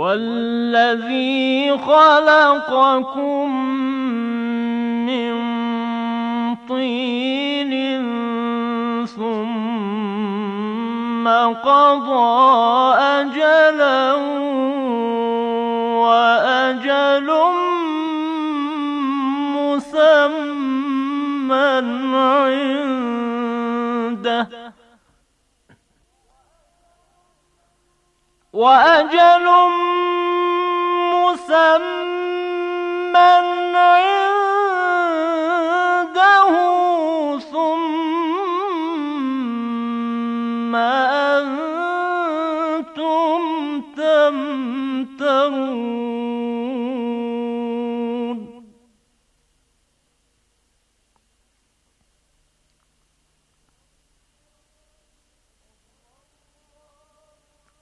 والذي خلقكم من طين ثم قضى أجلا وأجل مسمى عنده وأجل مسمى عنده ثم أنتم تمترون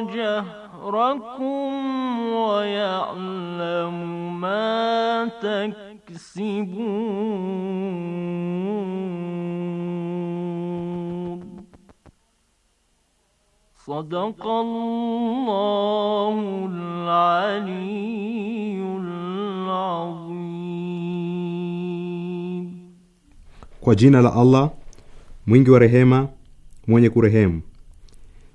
جهركم ويعلم ما تكسبون صدق الله العلي العظيم kwa jina la allah mwingi wa rehema mwenye kurehemu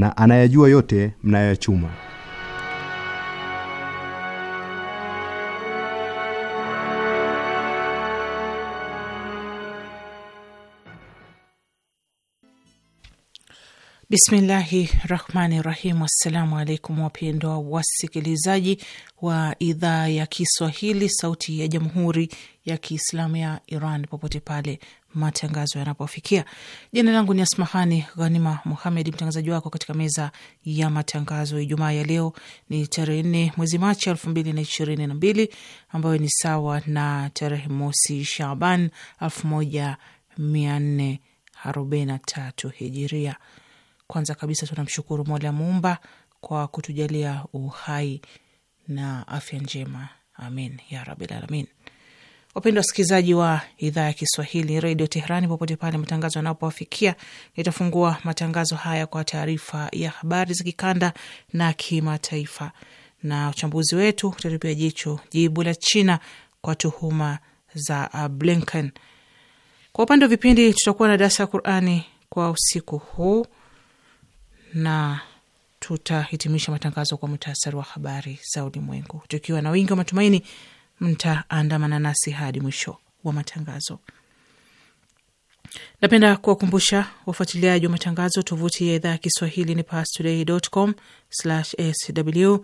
na anayajua yote mnayoyachuma. Bismillahi rahmani rahim. Assalamu alaikum wapendwa wasikilizaji wa idhaa ya Kiswahili sauti ya jamhuri ya Kiislamu ya Iran popote pale matangazo yanapofikia. Jina langu ni Asmahani Ghanima Muhamed, mtangazaji wako katika meza ya matangazo. Ijumaa ya leo ni tarehe nne mwezi Machi elfu mbili na ishirini na mbili ambayo ni sawa na tarehe mosi Shaban elfu moja mia nne arobaini na tatu hijiria kwanza kabisa tunamshukuru Mola Muumba kwa kutujalia uhai na afya njema, amin ya rabbil alamin. Wapendwa wasikilizaji wa idhaa ya Kiswahili redio Teherani, popote pale matangazo yanapowafikia, nitafungua matangazo haya kwa taarifa ya habari za kikanda na kimataifa, na uchambuzi wetu utatupia jicho jibu la China kwa tuhuma za Blinken. Kwa upande wa vipindi, tutakuwa na darasa ya Qurani kwa usiku huu na tutahitimisha matangazo kwa muhtasari wa habari za ulimwengu, tukiwa na wingi wa matumaini mtaandamana nasi hadi mwisho wa matangazo. Napenda kuwakumbusha wafuatiliaji wa matangazo, tovuti ya idhaa ya Kiswahili ni pastoday.com/sw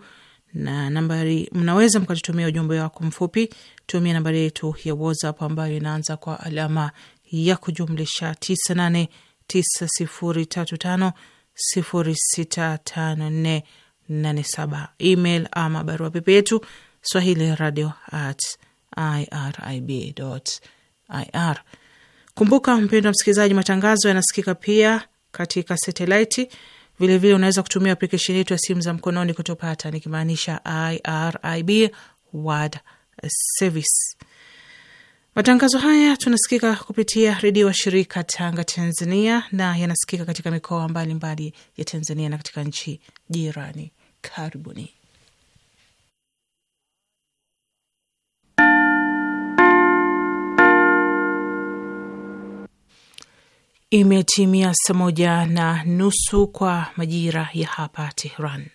na nambari, mnaweza mkatutumia ujumbe wako mfupi. Tumia nambari yetu ya WhatsApp ambayo inaanza kwa alama ya kujumlisha 989035 065487 email ama barua pepe yetu swahili radio at irib ir. Kumbuka mpendo wa msikilizaji, matangazo yanasikika pia katika satelaiti. Vilevile unaweza kutumia aplikesheni yetu ya simu za mkononi kutopata, nikimaanisha IRIB World Service. Matangazo haya tunasikika kupitia redio wa shirika Tanga, Tanzania, na yanasikika katika mikoa mbalimbali mbali ya Tanzania na katika nchi jirani. Karibuni. Imetimia saa moja na nusu kwa majira ya hapa Tehran.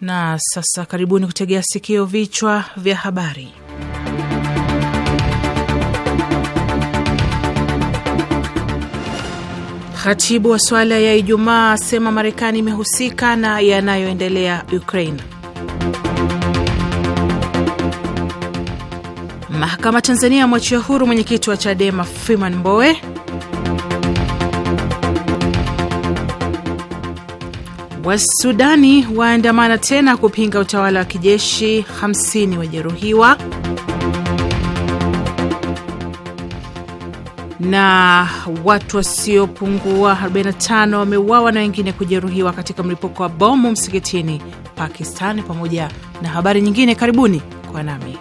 Na sasa karibuni kutegea sikio vichwa vya habari. Katibu wa swala ya Ijumaa asema Marekani imehusika na yanayoendelea Ukraine. Mahakama Tanzania mwachia huru mwenyekiti wa Chadema Freeman Mbowe. Wasudani waandamana tena kupinga utawala wa kijeshi, 50 wajeruhiwa. Na watu wasiopungua 45 wameuawa na wengine kujeruhiwa katika mlipuko wa bomu msikitini Pakistani, pamoja na habari nyingine. Karibuni kwa nami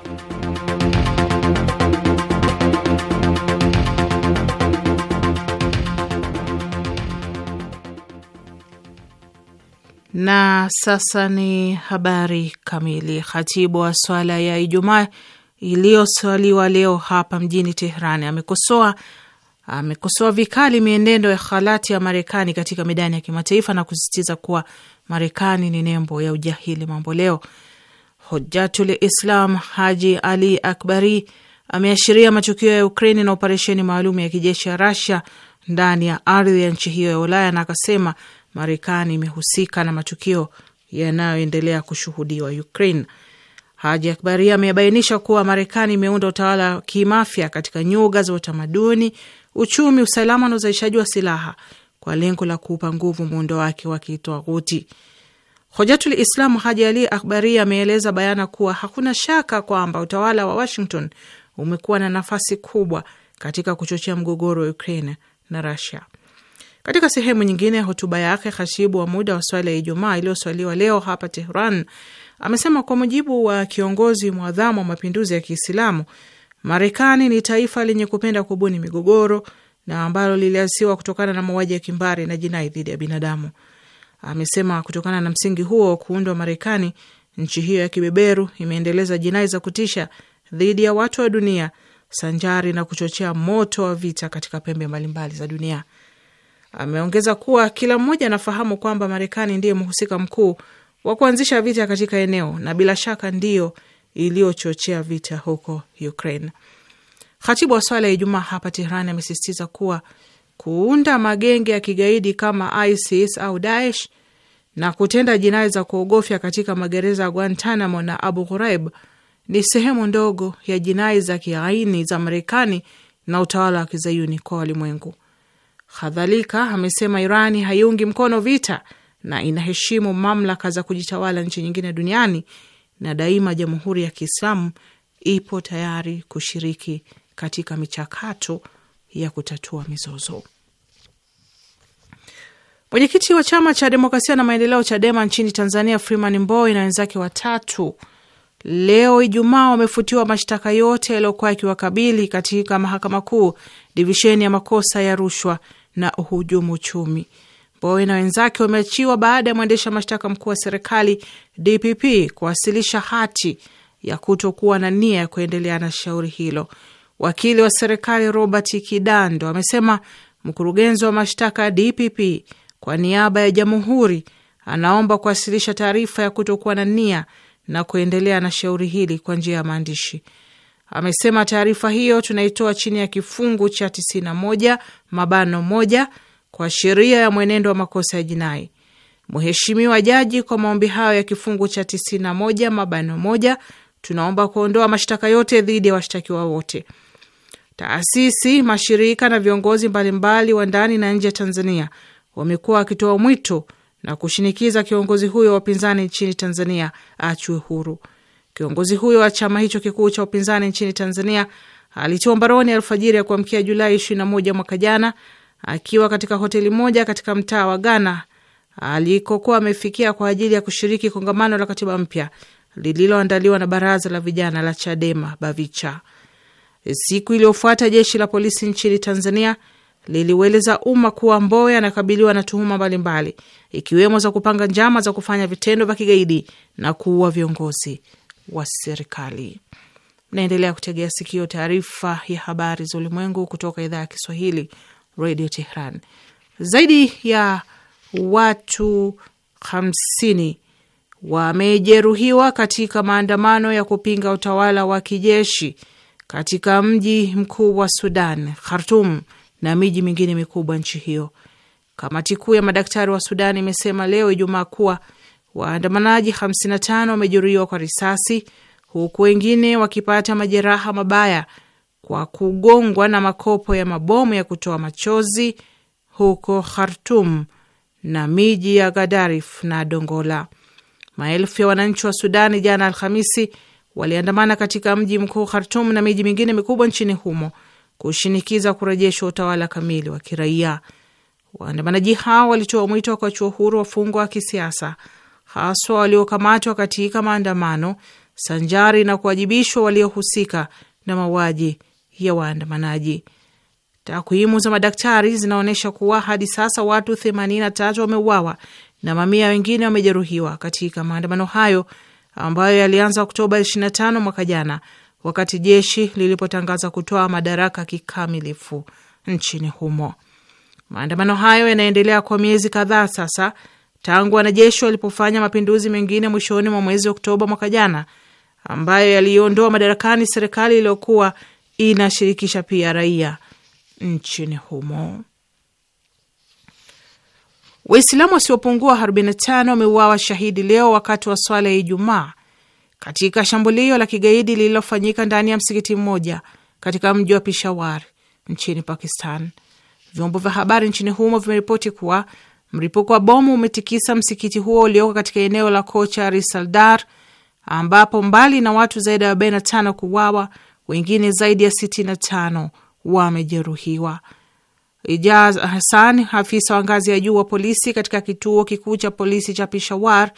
Na sasa ni habari kamili. Khatibu wa swala ya Ijumaa iliyoswaliwa leo hapa mjini tehran amekosoa amekosoa vikali mienendo ya halati ya Marekani katika midani ya kimataifa na kusisitiza kuwa Marekani ni nembo ya ujahili mambo leo. Hujatul Islam Haji Ali Akbari ameashiria matukio ya Ukraini na operesheni maalum ya kijeshi ya Rasia ndani ya ardhi ya nchi hiyo ya Ulaya na akasema Marekani imehusika na matukio yanayoendelea kushuhudiwa Ukraine. Haji Akbaria amebainisha kuwa Marekani imeunda utawala wa kimafya katika nyuga za utamaduni, uchumi, usalama na uzalishaji wa silaha kwa lengo la kuupa nguvu muundo wake wa kitwaghuti. Hojatul Islam Haji Ali Akbari ameeleza bayana kuwa hakuna shaka kwamba utawala wa Washington umekuwa na nafasi kubwa katika kuchochea mgogoro wa Ukraine na Rusia. Katika sehemu nyingine ya hotuba yake, khatibu wa muda wa swala ya Ijumaa iliyoswaliwa leo hapa Tehran amesema kwa mujibu wa kiongozi mwadhamu wa mapinduzi ya Kiislamu, Marekani ni taifa lenye kupenda kubuni migogoro na ambalo liliasiwa kutokana na mauaji ya kimbari na jinai dhidi ya binadamu. Amesema kutokana na msingi huo kuundwa Marekani, nchi hiyo ya kibeberu imeendeleza jinai za kutisha dhidi ya watu wa dunia sanjari na kuchochea moto wa vita katika pembe mbalimbali za dunia. Ameongeza kuwa kila mmoja anafahamu kwamba Marekani ndiye mhusika mkuu wa kuanzisha vita katika eneo na bila shaka ndiyo iliyochochea vita huko Ukraine. Khatibu wa swala ya Ijumaa hapa Tehran amesisitiza kuwa kuunda magenge ya kigaidi kama ISIS au Daesh na kutenda jinai za kuogofya katika magereza ya Guantanamo na Abu Ghuraib ni sehemu ndogo ya jinai za kiaini za Marekani na utawala wa kizayuni kwa walimwengu. Kadhalika amesema Irani haiungi mkono vita na inaheshimu mamlaka za kujitawala nchi nyingine duniani na daima Jamhuri ya Kiislamu ipo tayari kushiriki katika michakato ya kutatua mizozo. Mwenyekiti wa chama cha demokrasia na maendeleo CHADEMA nchini Tanzania, Freeman Mbowe na wenzake watatu leo Ijumaa wamefutiwa mashtaka yote yaliyokuwa yakiwakabili katika mahakama kuu divisheni ya makosa ya rushwa na uhujumu uchumi. Mbowe na wenzake wameachiwa baada ya mwendesha mashtaka mkuu wa serikali DPP kuwasilisha hati ya kutokuwa na nia ya kuendelea na shauri hilo. Wakili wa serikali Robert Kidando amesema mkurugenzi wa mashtaka ya DPP kwa niaba ya jamhuri anaomba kuwasilisha taarifa ya kutokuwa na nia na kuendelea na shauri hili kwa njia ya maandishi. Amesema taarifa hiyo tunaitoa chini ya kifungu cha 91 mabano moja kwa sheria ya mwenendo wa makosa ya jinai. Mheshimiwa Jaji, kwa maombi hayo ya kifungu cha 91 mabano moja, tunaomba kuondoa mashtaka yote dhidi ya washtakiwa wote. Taasisi, mashirika na viongozi mbalimbali wa ndani na nje ya Tanzania wamekuwa wakitoa mwito na kushinikiza kiongozi huyo wa upinzani nchini Tanzania achwe huru. Kiongozi huyo wa chama hicho kikuu cha upinzani nchini Tanzania alitiwa mbaroni alfajiri ya kuamkia Julai 21 mwaka jana akiwa katika hoteli moja katika mtaa wa Ghana alikokuwa amefikia kwa ajili ya kushiriki kongamano la katiba mpya lililoandaliwa na baraza la vijana la Chadema Bavicha. Siku iliyofuata jeshi la polisi nchini Tanzania liliueleza umma kuwa Mbowe anakabiliwa na tuhuma mbalimbali ikiwemo za kupanga njama za kufanya vitendo vya kigaidi na kuua viongozi wa serikali. Naendelea kutegea sikio taarifa ya habari za ulimwengu kutoka idhaa ya Kiswahili, Radio Tehran. Zaidi ya watu hamsini wamejeruhiwa katika maandamano ya kupinga utawala wa kijeshi katika mji mkuu wa Sudan, Khartum, na miji mingine mikubwa nchi hiyo. Kamati kuu ya madaktari wa Sudan imesema leo Ijumaa kuwa Waandamanaji 55 wamejeruhiwa kwa risasi huku wengine wakipata majeraha mabaya kwa kugongwa na makopo ya mabomu ya kutoa machozi huko Khartum na miji ya Gadarif na Dongola. Maelfu ya wananchi wa Sudani jana Alhamisi waliandamana katika mji mkuu Khartum na miji mingine mikubwa nchini humo kushinikiza kurejeshwa utawala kamili wa kiraia. Waandamanaji hao walitoa mwito wa chuo huru wafungwa wa kisiasa haswa waliokamatwa katika maandamano sanjari na kuwajibishwa waliohusika na mauaji ya waandamanaji. Takwimu za madaktari zinaonyesha kuwa hadi sasa watu 83 wameuawa na mamia wengine wamejeruhiwa katika maandamano hayo ambayo yalianza Oktoba 25 mwaka jana, wakati jeshi lilipotangaza kutoa madaraka kikamilifu nchini humo. Maandamano hayo yanaendelea kwa miezi kadhaa sasa tangu wanajeshi walipofanya mapinduzi mengine mwishoni mwa mwezi Oktoba mwaka jana, ambayo yaliondoa madarakani serikali iliyokuwa inashirikisha pia raia nchini humo. Waislamu wasiopungua 45 wameuawa shahidi leo wakati wa swala ya Ijumaa katika shambulio la kigaidi lililofanyika ndani ya msikiti mmoja katika mji wa Peshawar nchini Pakistan. Vyombo vya habari nchini humo vimeripoti kuwa Mlipuko wa bomu umetikisa msikiti huo ulioko katika eneo la kocha risaldar ambapo mbali na watu zaidi ya 45 kuwawa wengine zaidi ya 65 wamejeruhiwa. Ijaz Hassan, afisa wa ngazi ya juu wa polisi katika kituo kikuu cha polisi cha Peshawar,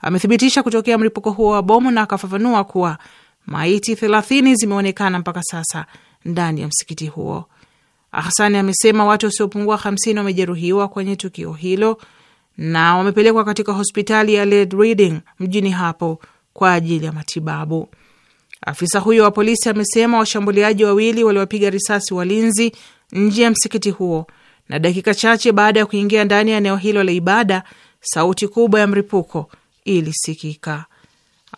amethibitisha kutokea mlipuko huo wa bomu na akafafanua kuwa maiti 30 zimeonekana mpaka sasa ndani ya msikiti huo. Ahsani amesema watu wasiopungua 50 wamejeruhiwa kwenye tukio hilo na wamepelekwa katika hospitali ya Lord Reading mjini hapo kwa ajili ya matibabu. Afisa huyo wa polisi amesema washambuliaji wawili waliwapiga risasi walinzi nje ya msikiti huo, na dakika chache baada ya kuingia ndani ya eneo hilo la ibada, sauti kubwa ya mripuko ilisikika.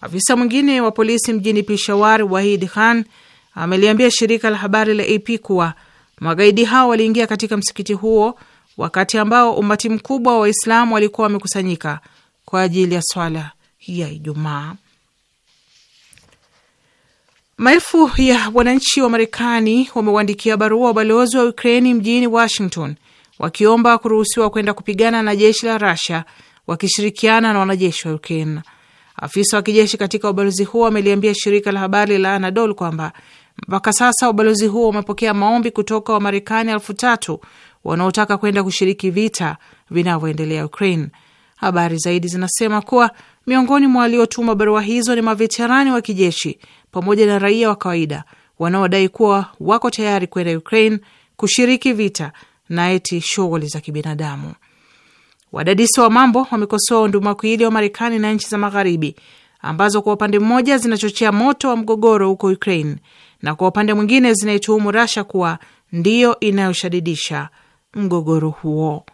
Afisa mwingine wa polisi mjini Peshawar, Wahid Khan, ameliambia shirika la habari la AP kuwa Magaidi hao waliingia katika msikiti huo wakati ambao umati mkubwa wa Waislamu walikuwa wamekusanyika kwa ajili ya swala ya Ijumaa. Maelfu ya wananchi wa Marekani wamewandikia barua wa ubalozi wa Ukraini mjini Washington wakiomba kuruhusiwa kwenda kupigana na jeshi la Rusia wakishirikiana na wanajeshi wa Ukraine. Afisa wa kijeshi katika ubalozi huo ameliambia shirika la habari la Anadolu kwamba mpaka sasa ubalozi huo umepokea maombi kutoka Wamarekani elfu tatu wanaotaka kwenda kushiriki vita vinavyoendelea Ukraine. Habari zaidi zinasema kuwa miongoni mwa waliotuma barua hizo ni maveterani wa kijeshi pamoja na raia wa kawaida wanaodai kuwa wako tayari kwenda Ukraine kushiriki vita na eti shughuli za kibinadamu. Wadadisi wa mambo wamekosoa undumakuili wa Marekani na nchi za Magharibi ambazo kwa upande mmoja zinachochea moto wa mgogoro huko Ukraine na kwa upande mwingine zinaituhumu Rasha kuwa ndiyo inayoshadidisha mgogoro huo.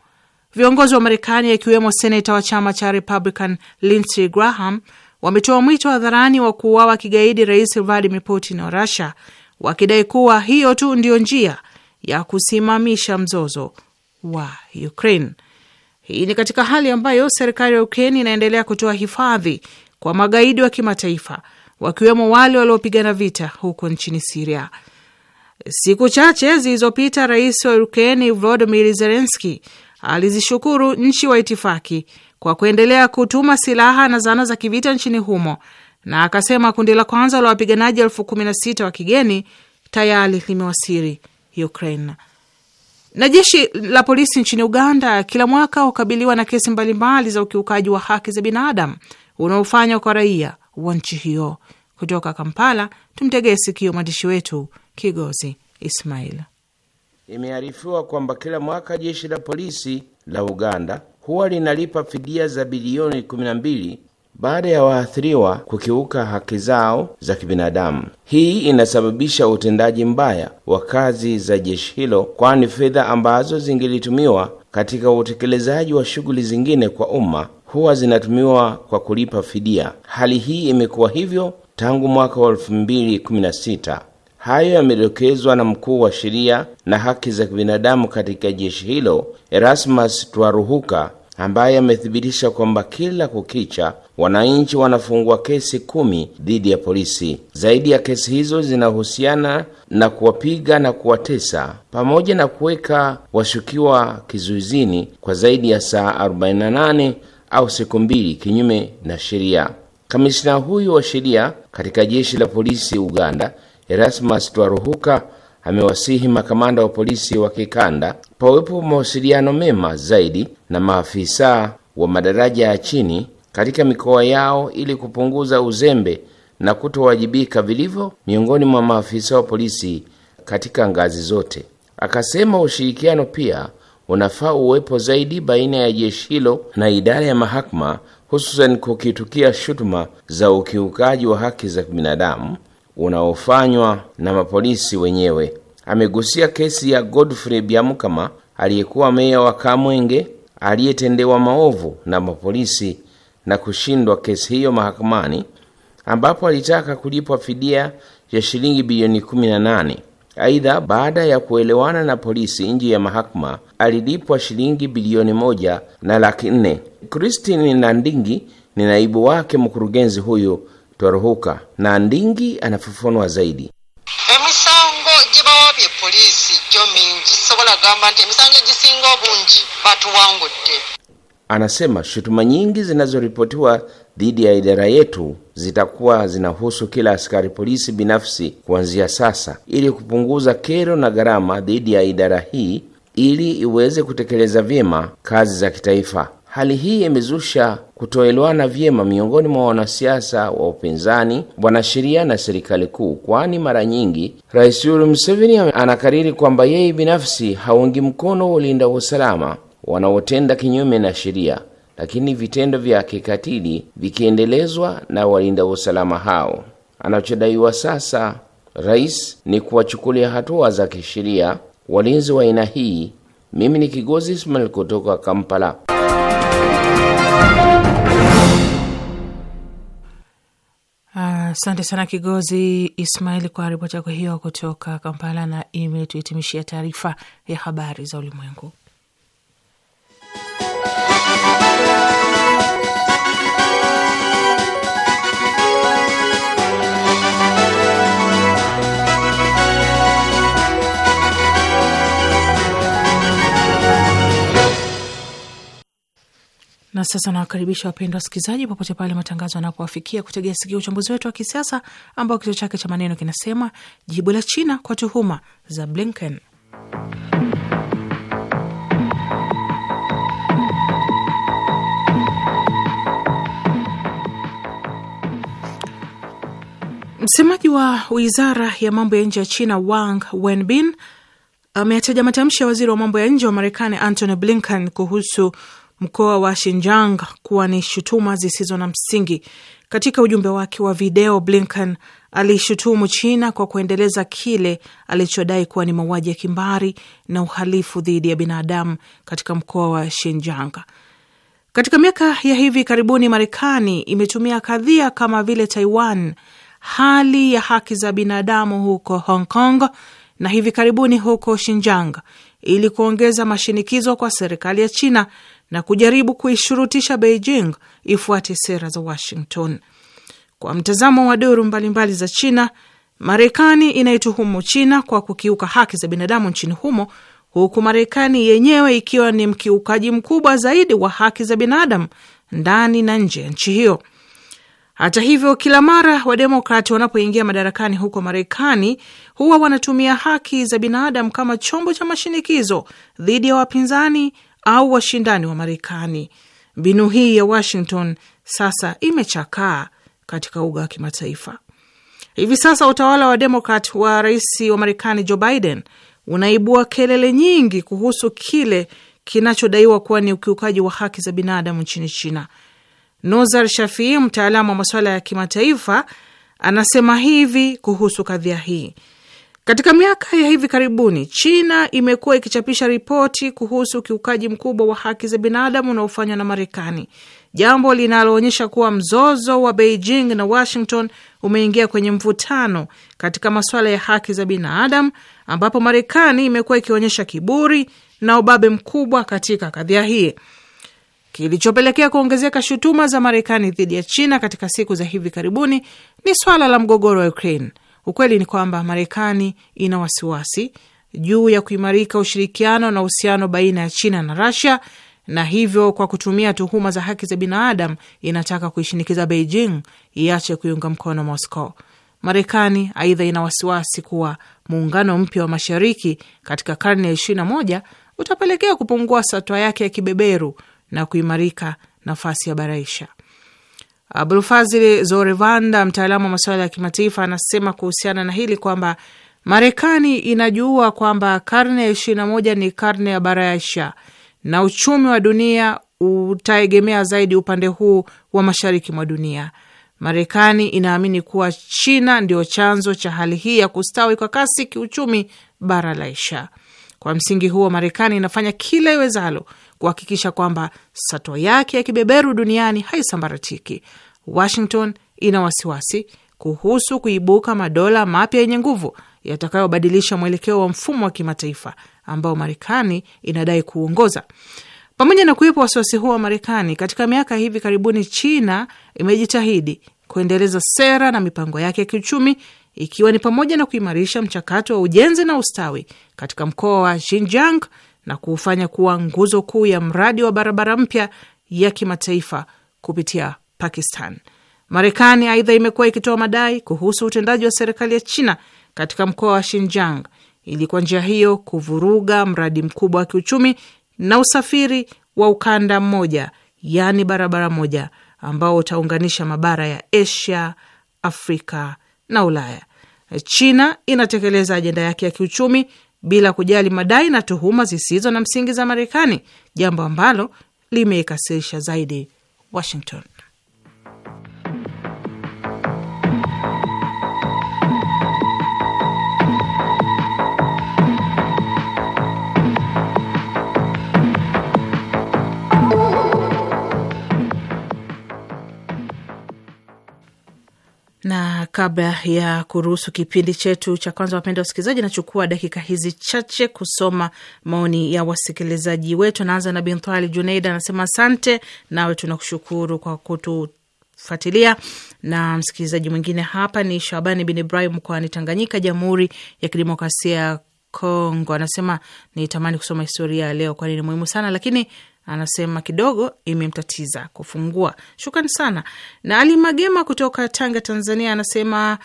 Viongozi wa Marekani akiwemo seneta wa chama cha Republican Lindsey Graham wametoa mwito hadharani wa kuuawa kigaidi Rais Vladimir Putin wa Russia, wakidai kuwa hiyo tu ndiyo njia ya kusimamisha mzozo wa Ukraine. Hii ni katika hali ambayo serikali ya Ukraine inaendelea kutoa hifadhi kwa magaidi wa kimataifa wakiwemo wale waliopigana vita huko nchini Siria. Siku chache zilizopita, rais wa Ukraini Volodimir Zelenski alizishukuru nchi wa itifaki kwa kuendelea kutuma silaha na zana za kivita nchini humo, na akasema kundi la kwanza la wapiganaji elfu kumi na sita wa kigeni tayari limewasili Ukraine. Na jeshi la polisi nchini Uganda kila mwaka hukabiliwa na kesi mbalimbali za ukiukaji wa haki za binadamu unaofanywa kwa raia wa nchi hiyo. Kutoka Kampala tumtegee sikio mwandishi wetu Kigozi Ismail. Imearifiwa kwamba kila mwaka jeshi la polisi la Uganda huwa linalipa fidia za bilioni 12 baada ya waathiriwa kukiuka haki zao za kibinadamu. Hii inasababisha utendaji mbaya wa kazi za jeshi hilo, kwani fedha ambazo zingelitumiwa katika utekelezaji wa shughuli zingine kwa umma huwa zinatumiwa kwa kulipa fidia. Hali hii imekuwa hivyo tangu mwaka wa sita. Hayo yamedokezwa na mkuu wa sheria na haki za kibinadamu katika jeshi hilo Erasmus Twaruhuka, ambaye amethibitisha kwamba kila kukicha wananchi wanafungua kesi kumi dhidi ya polisi. Zaidi ya kesi hizo zinahusiana na kuwapiga na kuwatesa pamoja na kuweka washukiwa kizuizini kwa zaidi ya saa 48 au siku mbili kinyume na sheria. Kamishna huyu wa sheria katika jeshi la polisi Uganda, Erasmus Twaruhuka, amewasihi makamanda wa polisi wa kikanda pawepo mawasiliano mema zaidi na maafisa wa madaraja ya chini katika mikoa yao ili kupunguza uzembe na kutowajibika vilivyo miongoni mwa maafisa wa polisi katika ngazi zote. Akasema ushirikiano pia unafaa uwepo zaidi baina ya jeshi hilo na idara ya mahakama, hususan kukitukia shutuma za ukiukaji wa haki za binadamu unaofanywa na mapolisi wenyewe. Amegusia kesi ya Godfrey Byamukama aliyekuwa meya wa Kamwenge aliyetendewa maovu na mapolisi na kushindwa kesi hiyo mahakamani ambapo alitaka kulipwa fidia ya shilingi bilioni 18. Aidha, baada ya kuelewana na polisi nje ya mahakama alilipwa shilingi bilioni moja na laki nne. Christine Nandingi ni naibu wake mkurugenzi huyu Twaruhuka. Nandingi anafafanua zaidi. emisango jibawabye polisi jo mingi sobola gamba nti emisango egisinga obungi batuwangudde. Anasema shutuma nyingi zinazoripotiwa dhidi ya idara yetu zitakuwa zinahusu kila askari polisi binafsi kuanzia sasa, ili kupunguza kero na gharama dhidi ya idara hii ili iweze kutekeleza vyema kazi za kitaifa. Hali hii imezusha kutoelewana vyema miongoni mwa wanasiasa wa upinzani, wanasheria na serikali kuu, kwani mara nyingi Rais Yoweri Museveni anakariri kwamba yeye binafsi haungi mkono walinda usalama wanaotenda kinyume na sheria lakini vitendo vya kikatili vikiendelezwa na walinda usalama hao. Anachodaiwa sasa rais ni kuwachukulia hatua za kisheria walinzi wa aina hii. Mimi ni Kigozi Ismail kutoka Kampala. Asante uh, sana Kigozi Ismail kwa ripoti yako hiyo kutoka Kampala, na imetuhitimishia taarifa ya habari za ulimwengu. Na sasa nawakaribisha wapendwa wasikilizaji, popote pale matangazo yanapowafikia, kutegea sikia uchambuzi wetu wa kisiasa ambao kichwa chake cha maneno kinasema jibu la China kwa tuhuma za Blinken. Msemaji wa wizara ya mambo ya nje ya China Wang Wenbin ameyataja matamshi ya waziri wa mambo ya nje wa Marekani Antony Blinken kuhusu mkoa wa Xinjiang kuwa ni shutuma zisizo na msingi. Katika ujumbe wake wa video, Blinken alishutumu China kwa kuendeleza kile alichodai kuwa ni mauaji ya kimbari na uhalifu dhidi ya binadamu katika mkoa wa Xinjiang. Katika miaka ya hivi karibuni, Marekani imetumia kadhia kama vile Taiwan, hali ya haki za binadamu huko Hong Kong na hivi karibuni huko Xinjiang ili kuongeza mashinikizo kwa serikali ya China na kujaribu kuishurutisha Beijing ifuate sera za Washington. Kwa mtazamo wa duru mbalimbali za China, Marekani inaituhumu China kwa kukiuka haki za binadamu nchini humo, huku Marekani yenyewe ikiwa ni mkiukaji mkubwa zaidi wa haki za binadamu ndani na nje ya nchi hiyo. Hata hivyo, kila mara Wademokrati wanapoingia madarakani huko Marekani huwa wanatumia haki za binadamu kama chombo cha mashinikizo dhidi ya wapinzani au washindani wa Marekani. Mbinu hii ya Washington sasa imechakaa katika uga wa kimataifa. Hivi sasa utawala wa Demokrat wa rais wa Marekani Joe Biden unaibua kelele nyingi kuhusu kile kinachodaiwa kuwa ni ukiukaji wa haki za binadamu nchini China. Nozar Shafii, mtaalamu wa masuala ya kimataifa, anasema hivi kuhusu kadhia hii: katika miaka ya hivi karibuni China imekuwa ikichapisha ripoti kuhusu ukiukaji mkubwa wa haki za binadamu unaofanywa na Marekani, jambo linaloonyesha kuwa mzozo wa Beijing na Washington umeingia kwenye mvutano katika masuala ya haki za binadamu, ambapo Marekani imekuwa ikionyesha kiburi na ubabe mkubwa katika kadhia hii, kilichopelekea kuongezeka shutuma za Marekani dhidi ya China katika siku za hivi karibuni ni swala la mgogoro wa Ukraine Ukweli ni kwamba Marekani ina wasiwasi juu ya kuimarika ushirikiano na uhusiano baina ya China na Rasia, na hivyo kwa kutumia tuhuma za haki za binadamu inataka kuishinikiza Beijing iache kuiunga mkono Moscow. Marekani aidha ina wasiwasi kuwa muungano mpya wa mashariki katika karne ya 21 utapelekea kupungua satwa yake ya kibeberu na kuimarika nafasi ya baraisha. Abulfazili Zorevanda, mtaalamu wa masuala ya kimataifa, anasema kuhusiana na hili kwamba Marekani inajua kwamba karne ya ishirini na moja ni karne ya bara ya baraisha na uchumi wa dunia utaegemea zaidi upande huu wa mashariki mwa dunia. Marekani inaamini kuwa China ndio chanzo cha hali hii ya kustawi kwa kasi kiuchumi bara la Asia. Kwa msingi huo, Marekani inafanya kila iwezalo kuhakikisha kwamba sato yake ya kibeberu duniani haisambaratiki. Washington ina wasiwasi kuhusu kuibuka madola mapya yenye nguvu yatakayobadilisha mwelekeo wa mfumo wa kimataifa ambao Marekani inadai kuongoza. Pamoja na kuwepo wasiwasi huo wa Marekani, katika miaka hivi karibuni China imejitahidi kuendeleza sera na mipango yake ya kiuchumi ikiwa ni pamoja na kuimarisha mchakato wa ujenzi na ustawi katika mkoa wa Xinjiang na kuufanya kuwa nguzo kuu ya mradi wa barabara mpya ya kimataifa kupitia Pakistan. Marekani aidha imekuwa ikitoa madai kuhusu utendaji wa serikali ya China katika mkoa wa Xinjiang ili kwa njia hiyo kuvuruga mradi mkubwa wa kiuchumi na usafiri wa ukanda mmoja, yaani barabara moja, ambao utaunganisha mabara ya Asia, Afrika na Ulaya. China inatekeleza ajenda yake ya kiuchumi bila kujali madai na tuhuma zisizo na msingi za Marekani, jambo ambalo limeikasirisha zaidi Washington. na kabla ya kuruhusu kipindi chetu cha kwanza, wapenda wasikilizaji, nachukua dakika hizi chache kusoma maoni ya wasikilizaji wetu. Anaanza na Bintali Juneida, anasema asante, nawe tunakushukuru kwa kutufuatilia. Na msikilizaji mwingine hapa ni Shabani bin Ibrahim mkoani Tanganyika, Jamhuri ya Kidemokrasia ya Kongo, anasema nitamani kusoma historia ya leo, kwani ni muhimu sana, lakini anasema kidogo imemtatiza kufungua. Shukrani sana. Na Ali Magema kutoka Tanga, Tanzania, anasema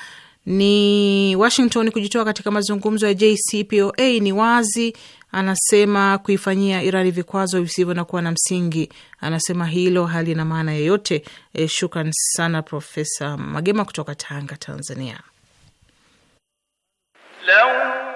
ni Washington kujitoa katika mazungumzo ya JCPOA ni wazi. Anasema kuifanyia Irani vikwazo visivyo na kuwa na msingi, anasema hilo halina maana yoyote. E, shukran sana Profesa Magema kutoka Tanga, Tanzania. Hello.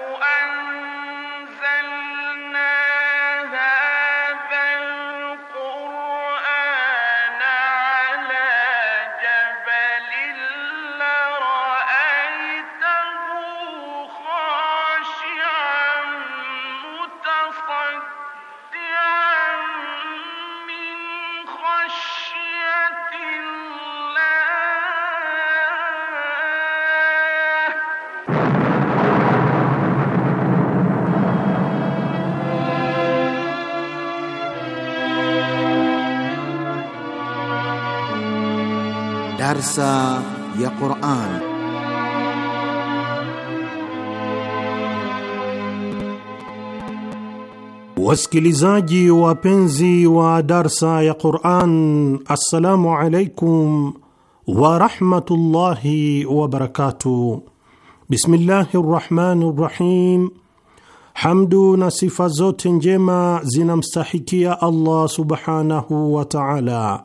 darsa ya Quran. Wasikilizaji wapenzi wa darsa ya Quran, assalamu alaikum wa rahmatullahi wa barakatuh. Bismillahi rahmani rahim. Hamdu na sifa zote njema zinamstahikia Allah subhanahu wa taala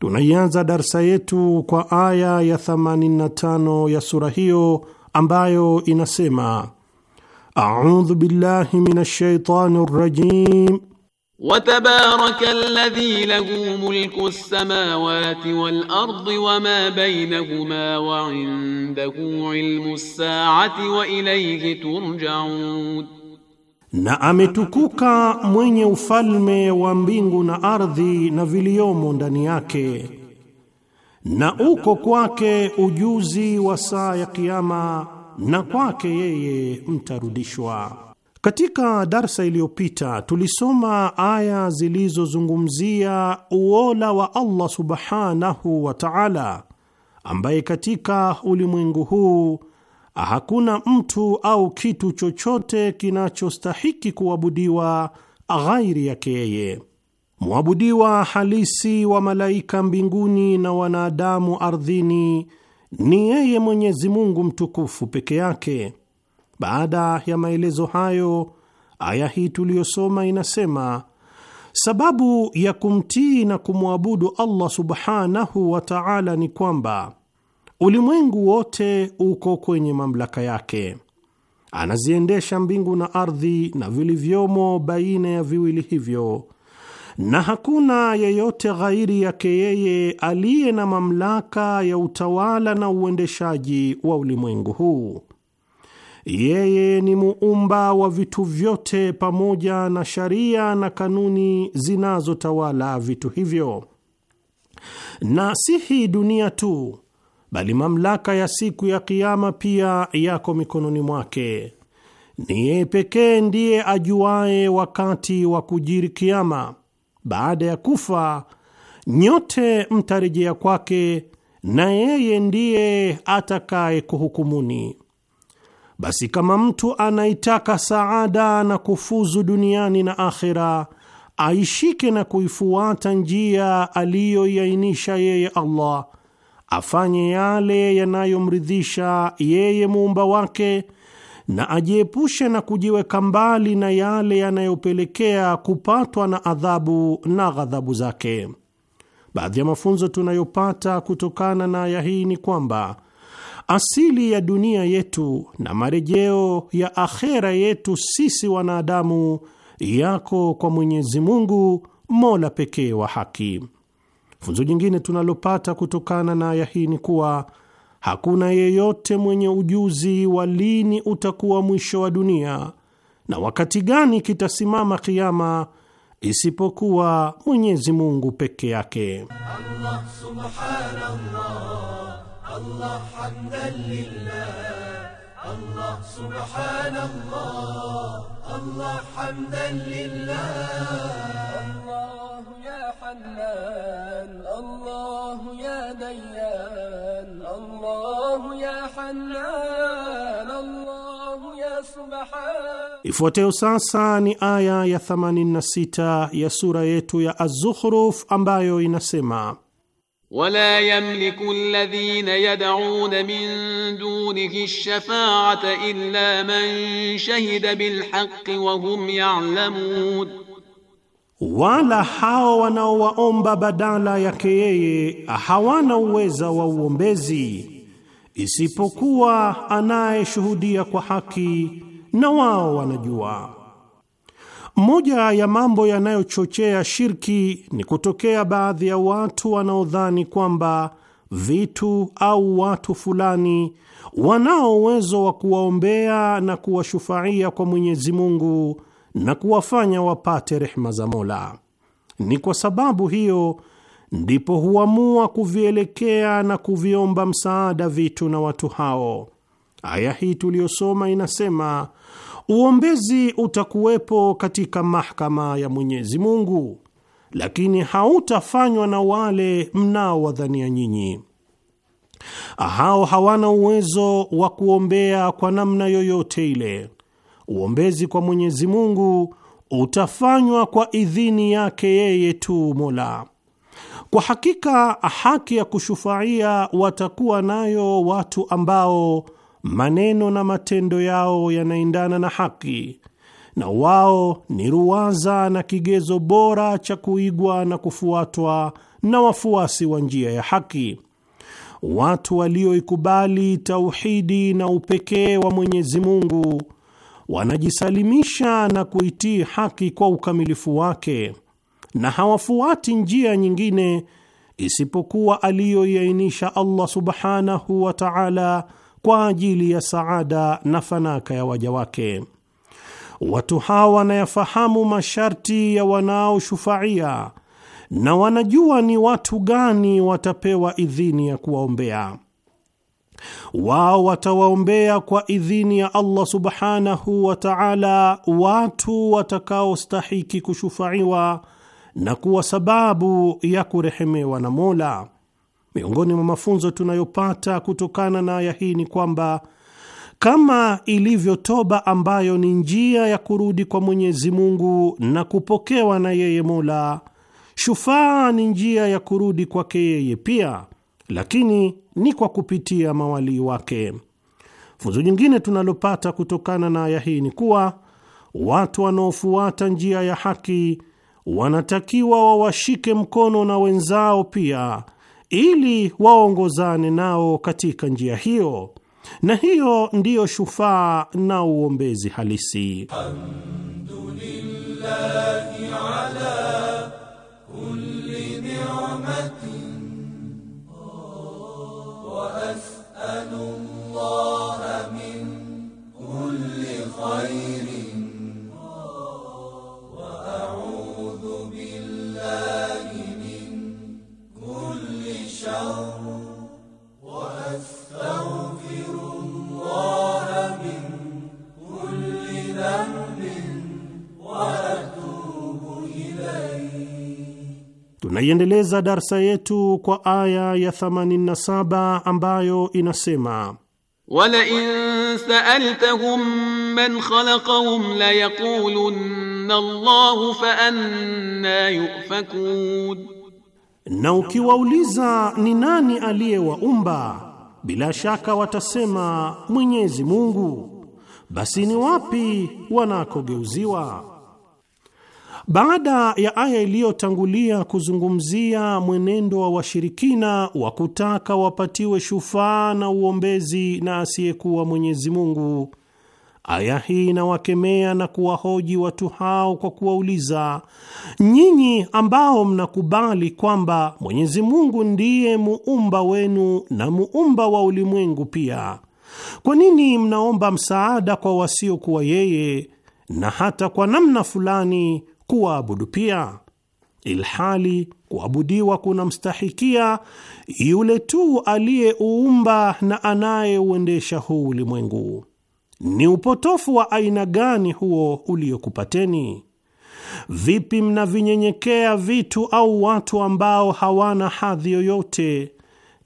Tunaianza darsa yetu kwa aya ya 85 ya sura hiyo ambayo inasema: audhu billahi minash shaitani rrajim wa tabaraka alladhi lahu mulku samawati wal ardi wama bainahuma wa indahu ilmu saati wa ilayhi turjaun na ametukuka mwenye ufalme wa mbingu na ardhi na viliomo ndani yake, na uko kwake ujuzi wa saa ya Kiyama, na kwake yeye mtarudishwa. Katika darsa iliyopita tulisoma aya zilizozungumzia uola wa Allah subhanahu wa ta'ala, ambaye katika ulimwengu huu hakuna mtu au kitu chochote kinachostahiki kuabudiwa ghairi yake yeye. Mwabudiwa halisi wa malaika mbinguni na wanadamu ardhini ni yeye Mwenyezi Mungu mtukufu peke yake. Baada ya maelezo hayo, aya hii tuliyosoma inasema sababu ya kumtii na kumwabudu Allah subhanahu wa ta'ala ni kwamba Ulimwengu wote uko kwenye mamlaka yake, anaziendesha mbingu na ardhi na vilivyomo baina ya viwili hivyo, na hakuna yeyote ghairi yake yeye aliye na mamlaka ya utawala na uendeshaji wa ulimwengu huu. Yeye ni muumba wa vitu vyote pamoja na sharia na kanuni zinazotawala vitu hivyo, na si hii dunia tu bali mamlaka ya siku ya Kiama pia yako mikononi mwake. Ni yeye pekee ndiye ajuaye wakati wa kujiri Kiama. Baada ya kufa, nyote mtarejea kwake, na yeye ndiye atakaye kuhukumuni. Basi kama mtu anaitaka saada na kufuzu duniani na akhera, aishike na kuifuata njia aliyoiainisha yeye Allah afanye yale yanayomridhisha yeye muumba wake na ajiepushe na kujiweka mbali na yale yanayopelekea kupatwa na adhabu na ghadhabu zake. Baadhi ya mafunzo tunayopata kutokana na aya hii ni kwamba asili ya dunia yetu na marejeo ya akhera yetu sisi wanadamu yako kwa Mwenyezi Mungu, mola pekee wa haki. Funzo jingine tunalopata kutokana na aya hii ni kuwa hakuna yeyote mwenye ujuzi wa lini utakuwa mwisho wa dunia na wakati gani kitasimama kiama isipokuwa Mwenyezi Mungu peke yake. Allah, subhanallah, Allah, Allah, subhanallah, Allah, حنان الله يا ديان الله يا حنان الله يا سبحان Ifuatayo sasa ni aya ya 86 ya sura yetu ya Az-Zukhruf ambayo ولا يملك الذين يدعون من دونه الشفاعة إلا من شهد بالحق وهم يعلمون wala hao wanaowaomba badala yake yeye hawana uweza wa uombezi isipokuwa anayeshuhudia kwa haki, na wao wanajua. Moja ya mambo yanayochochea shirki ni kutokea baadhi ya watu wanaodhani kwamba vitu au watu fulani wanao uwezo wa kuwaombea na kuwashufaia kwa Mwenyezi Mungu na kuwafanya wapate rehma za Mola. Ni kwa sababu hiyo ndipo huamua kuvielekea na kuviomba msaada vitu na watu hao. Aya hii tuliyosoma inasema uombezi utakuwepo katika mahakama ya Mwenyezi Mungu, lakini hautafanywa na wale mnaowadhania nyinyi. Hao hawana uwezo wa kuombea kwa namna yoyote ile uombezi kwa Mwenyezi Mungu utafanywa kwa idhini yake yeye tu Mola. Kwa hakika haki ya kushufaia watakuwa nayo watu ambao maneno na matendo yao yanaendana na haki, na wao ni ruwaza na kigezo bora cha kuigwa na kufuatwa na wafuasi wa njia ya haki. Watu walioikubali tauhidi na upekee wa Mwenyezi Mungu wanajisalimisha na kuitii haki kwa ukamilifu wake na hawafuati njia nyingine isipokuwa aliyoiainisha Allah subhanahu wa ta'ala kwa ajili ya saada na fanaka ya waja wake. Watu hawa wanayafahamu masharti ya wanaoshufaia na wanajua ni watu gani watapewa idhini ya kuwaombea wao watawaombea kwa idhini ya Allah subhanahu wa ta'ala watu watakaostahiki kushufaiwa na kuwa sababu ya kurehemewa na Mola. Miongoni mwa mafunzo tunayopata kutokana na aya hii ni kwamba kama ilivyo toba ambayo ni njia ya kurudi kwa Mwenyezi Mungu na kupokewa na yeye Mola, shufaa ni njia ya kurudi kwake yeye pia lakini ni kwa kupitia mawalii wake. Funzo nyingine tunalopata kutokana na aya hii ni kuwa watu wanaofuata njia ya haki wanatakiwa wawashike mkono na wenzao pia, ili waongozane nao katika njia hiyo, na hiyo ndiyo shufaa na uombezi halisi. Alhamdulillah. Tunaiendeleza darsa yetu kwa aya ya 87 ambayo inasema wala in sa'altahum man khalaqahum la yaqulunna Allah fa anna yufakun, na ukiwauliza ni nani aliyewaumba bila shaka watasema Mwenyezi Mungu, basi ni wapi wanakogeuziwa? Baada ya aya iliyotangulia kuzungumzia mwenendo wa washirikina wa kutaka wapatiwe shufaa na uombezi na asiyekuwa Mwenyezi Mungu, aya hii inawakemea na kuwahoji watu hao kwa kuwauliza, nyinyi ambao mnakubali kwamba Mwenyezi Mungu ndiye muumba wenu na muumba wa ulimwengu pia, kwa nini mnaomba msaada kwa wasiokuwa yeye na hata kwa namna fulani kuwaabudu pia, ilhali kuabudiwa kuna mstahikia yule tu aliyeuumba na anayeuendesha huu ulimwengu. Ni upotofu wa aina gani huo uliokupateni? Vipi mnavinyenyekea vitu au watu ambao hawana hadhi yoyote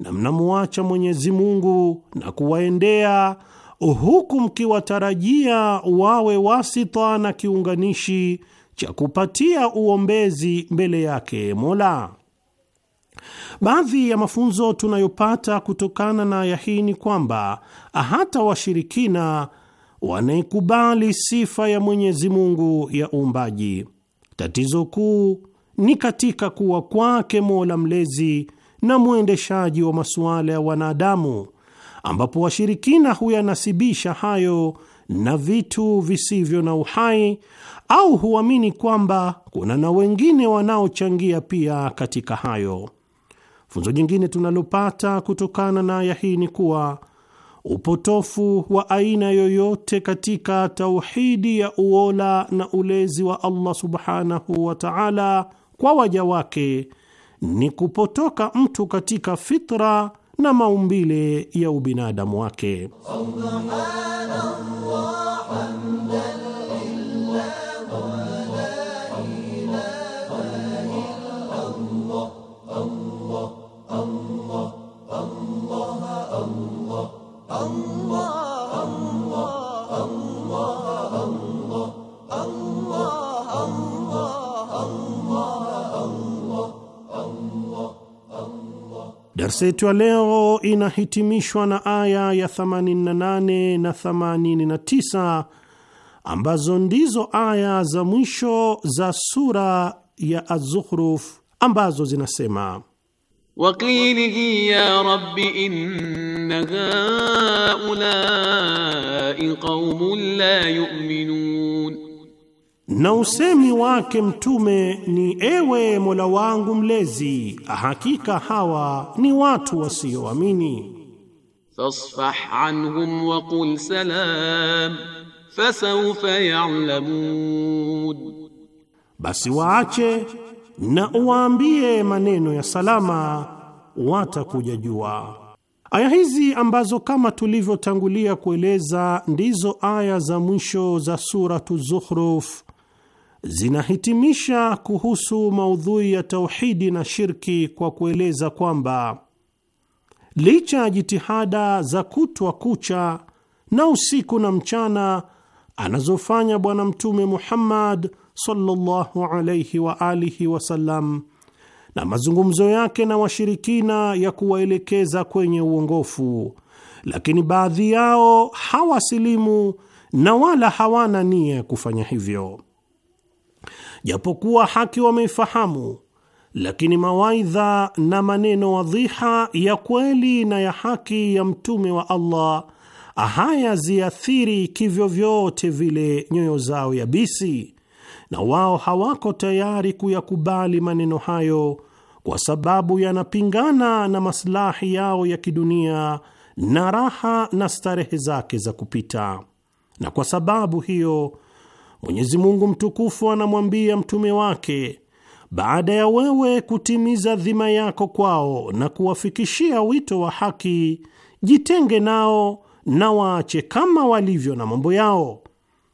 na mnamuacha Mwenyezi Mungu na kuwaendea huku mkiwatarajia wawe wasita na kiunganishi cha kupatia uombezi mbele yake Mola. Baadhi ya mafunzo tunayopata kutokana na aya hii ni kwamba hata washirikina wanaikubali sifa ya Mwenyezi Mungu ya uumbaji. Tatizo kuu ni katika kuwa kwake Mola mlezi na mwendeshaji wa masuala ya wanadamu, ambapo washirikina huyanasibisha hayo na vitu visivyo na uhai au huamini kwamba kuna na wengine wanaochangia pia katika hayo. Funzo jingine tunalopata kutokana na aya hii ni kuwa upotofu wa aina yoyote katika tauhidi ya uola na ulezi wa Allah subhanahu wa ta'ala kwa waja wake ni kupotoka mtu katika fitra na maumbile ya ubinadamu wake. Subhanallah. Darsa yetu ya leo inahitimishwa na aya ya 88 na 89 ambazo ndizo aya za mwisho za sura ya Az-Zukhruf ambazo zinasema waqilihi ya rabbi inna haulai qaumun la yu'minun na usemi wake mtume ni ewe Mola wangu mlezi, hakika hawa ni watu wasioamini. fasfah anhum wa qul salam fasawfa ya'lamun, basi waache na uwaambie maneno ya salama, watakuja jua. Aya hizi ambazo kama tulivyotangulia kueleza ndizo aya za mwisho za Suratu Zukhruf zinahitimisha kuhusu maudhui ya tauhidi na shirki kwa kueleza kwamba licha ya jitihada za kutwa kucha na usiku na mchana anazofanya Bwana Mtume Muhammad sallallahu alayhi wa alihi wasallam na mazungumzo yake na washirikina ya kuwaelekeza kwenye uongofu, lakini baadhi yao hawasilimu na wala hawana nia ya kufanya hivyo. Japokuwa haki wameifahamu, lakini mawaidha na maneno wadhiha ya kweli na ya haki ya mtume wa Allah hayaziathiri kivyovyote vile nyoyo zao yabisi, na wao hawako tayari kuyakubali maneno hayo kwa sababu yanapingana na maslahi yao ya kidunia na raha na starehe zake za kupita, na kwa sababu hiyo Mwenyezi Mungu mtukufu anamwambia mtume wake, baada ya wewe kutimiza dhima yako kwao na kuwafikishia wito wa haki, jitenge nao na waache kama walivyo na mambo yao,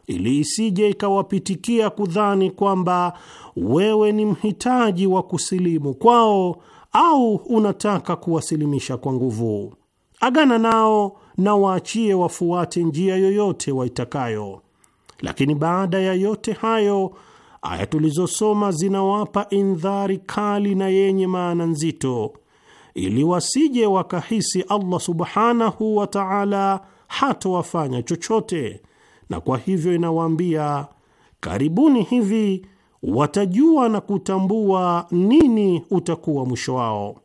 ili isije ikawapitikia kudhani kwamba wewe ni mhitaji wa kusilimu kwao au unataka kuwasilimisha kwa nguvu. Agana nao na waachie wafuate njia yoyote waitakayo. Lakini baada ya yote hayo, aya tulizosoma zinawapa indhari kali na yenye maana nzito, ili wasije wakahisi Allah subhanahu wa ta'ala hatowafanya chochote, na kwa hivyo inawaambia karibuni hivi watajua na kutambua nini utakuwa mwisho wao.